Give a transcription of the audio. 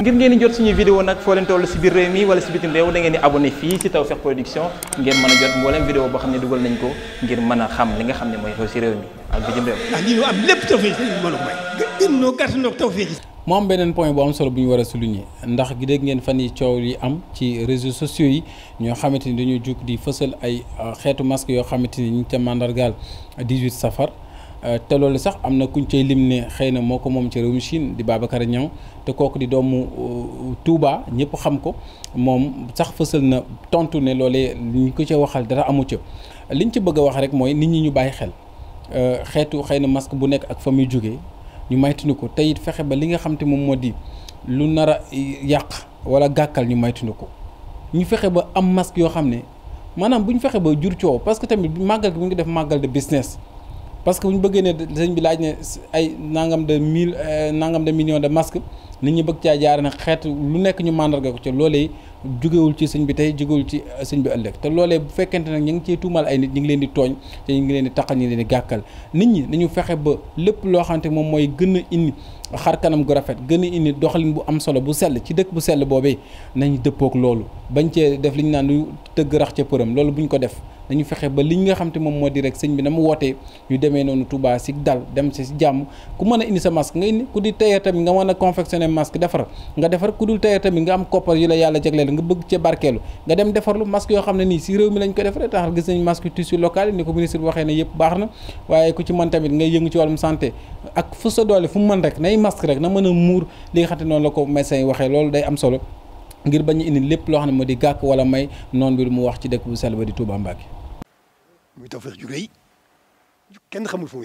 ngir ngeen di jot suñu vidéo nag foo leen toll si biir réew mi wala si bitim réew da ngeen di abonné fii si Tawfekh Production ngeen mën a jot mboolem vidéo boo xam ne dugal nañ ko ngir mën a xam li nga xam ne moo xew si réew mi ak bitim am beneen point bu am solo bu ñu war a souligner ndax gi dégg ngeen fan yi coow yi am ci réseaux sociaux yi ñoo xamante ni dañoo jug di fësal ay euh, xeetu masque yoo xamante ni ñu ca mandargaal 18 safar Euh, te loolu sax am na kuñ cee lim ne xëy na moo ko moom ci réewum Chine di Babacar ñaw te kooku di doomu euh, Touba ñëpp xam ko moom sax fësal na tontu ne loolee ñu ko ca waxal dara amu ca liñ ci bëgg a wax rek mooy nit ñi ñu bàyyi xel euh, xeetu xëy na masque bu nekk ak fa muy jógee ñu maytuñu ko tey it fexe ba li nga xam te moom moo di lu nar a yàq wala gàkkal ñu maytuñu ko ñu fexe ba am masque yoo xam ne maanaam bu ñu fexe ba jur coow parce que tamit màggal gi bu ñu ko def màggal de business. parce que bu ñu bëggee ne sëñ bi laaj ne ay nangam de mille euh, nangam de millions de masques nit ñi bëgg caa jaar ne xeet lu nekk ñu màndarga ko ca loolee jugewul ci sëñ bi tey jugewul ci euh, sëñ bi ëllëg te loolee bu fekkente nag ñu ngi ciy tuumal ay nit ñu ngi leen di tooñ te ñi nañu fexe ba lépp loo xamante moom mooy gën a indi xar kanam gu rafet gën a indi doxalin bu am solo bu sell ci dëkk bu sell boobee nañu dëppook loolu bañ cee def li ñu naan lu tëgg rax ca përëm loolu buñ ko def nañu fexe ba li nga xam te moom moo di rek sëñ bi na mu wootee ñu demee noonu Touba si dal dem si jàmm ku mën a indi sa masque nga indi ku di tailleur tamit nga a confectionner masque defar nga defar ku nga bëgg ca barkeelu nga dem defarlu masque yoo xam ne nii si réew mi lañ ko defaree tax gis nañ masque tissu local yi ni ko ministre bi waxee ne yëpp baax na waaye ku ci mën tamit ngay yëngu ci wàllum santé ak fu sa fu mu mën rek nay masque rek na mën a muur li nga ne noonu la ko médecin yi waxee loolu day am solo ngir bañ a indi lépp loo xam ne moo di gàkk wala may noonu bi lu mu wax ci dëkk bu sell ba di Touba Mbacké muy Tawfekh ju kenn xamul fu mu